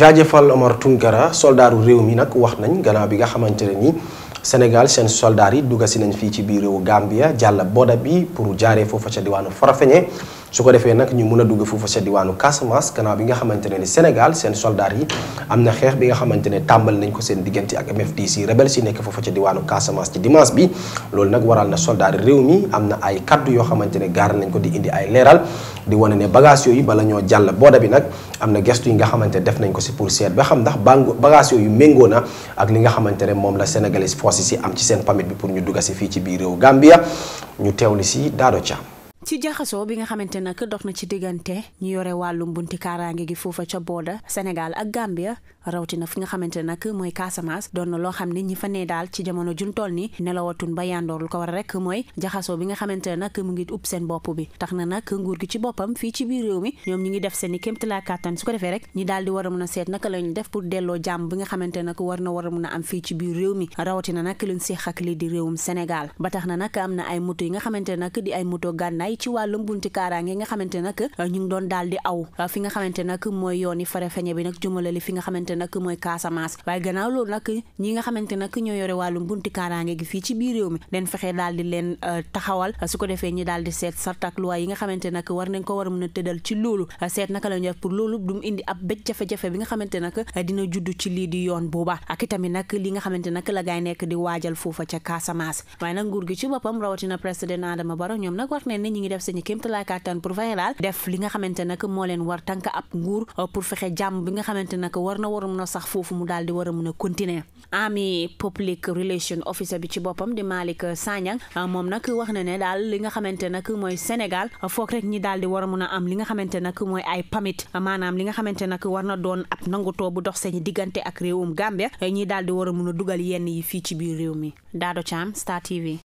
jaajëfal Omar Tunkara soldaaru réew mi nag wax nañ gannaaw bi nga xamante ne nii Sénégal seen soldaar yi dugg si nañ fii ci biir réewu Gambia jàll boda bi pour jaaree foofa ca diwaanu Farafeñe su ko defee nag ñu mun a dugg foofu sa diwaanu Casamance gannaaw bi nga xamante ne ni Sénégal seen soldat yi am na xeex bi nga xamante ne tàmbal nañ ko seen diggante ak MFDC rebel si nekk foofu ca diwaanu Casamance ci dimanche bi loolu nag waral na soldat yi réew mi am na ay kaddu yoo xamante ne gaar nañ ko di indi ay leeral di wane ne bagage yooyu bala ñoo jàll booda bi nag am na gestu yi nga xamante ne def nañ ko si pour seet ba xam ndax bango bagage yooyu méngoo na ak li nga xamante ne la sénégalais forces yi am seen pamit bi pour ñu dugga si fii ci biir réew Gambia ñu teewli si Dado Thiam ci jaxasoo bi nga xamante nag dox na ci diggante ñu yore wàllum bunti kaaraange gi foofa ca booda Sénégal ak Gambia rawatina fi nga xamante nag mooy Casamance doon na loo xam ne ñi fa ne daal ci jamono juntool ni nelawatun ba yandoor ko war rek mooy jaxasoo bi nga xamante nag mu ngi ub seen bopp bi tax na nag nguur gi ci boppam fii ci biir réew mi ñoom ñi ngi def seen i kéemtalaay kàttan su ko defee rek ñi daal di war a mën a seet naka la ñu def pour delloo jàmm bi nga xamante nag war na war a mën a am fii ci biir réew mi rawatina nag luñ seex ak lii di réewum Sénégal ba tax na nag am na ay moto yi nga xamante nag di ay moto gànnaay ci wàllum bunti kaaraange nga xamante nag ñu ngi doon daal di aw fi nga xamante nag mooy yooni Farafeñe bi nag jëmalali fi nga xamante nag mooy Casamance waaye gannaaw loolu ñi nga xamante nag ñoo yore wàllum bunti kaaraange gi fii ci biir réew mi leen fexe daal di leen euh, taxawal su ko defee ñi daal di seet sart ak yi nga xamante nag war nañ ko war a mën a tëddal ci loolu euh, seet naka la ñu pour loolu du indi ab bëj jafe bi nga xamante nag euh, dina judd ci lii di yoon booba ak itamit nag li nga xamante nag la gaay nekk di waajal foofa ca Casamance waaye nag nguur gi ci boppam rawatina président Adama Barrow ñoom nag wax ne ñi ngi def seen kéemtalaay kàttan pour fexe daal def li nga xamante nag moo leen war tànk ab nguur euh, pour fexe jàmm bi nga xamante nag war na war a mun foofu mu daal di war a mun a continuer ami public relation officer bi ci boppam di Malick Sagnang euh, moom nag wax na ne daal li nga xamante nag mooy Sénégal euh, foog rek ñi daal di a mun a am li nga xamante nag mooy ay pamit maanaam li nga xamante nag war na doon ab nangutoo bu dox seen diggante ak réewum Gambia ñi dal di war a mun a dugal yenn yi fii ci biir réew mi Dado Cham Star TV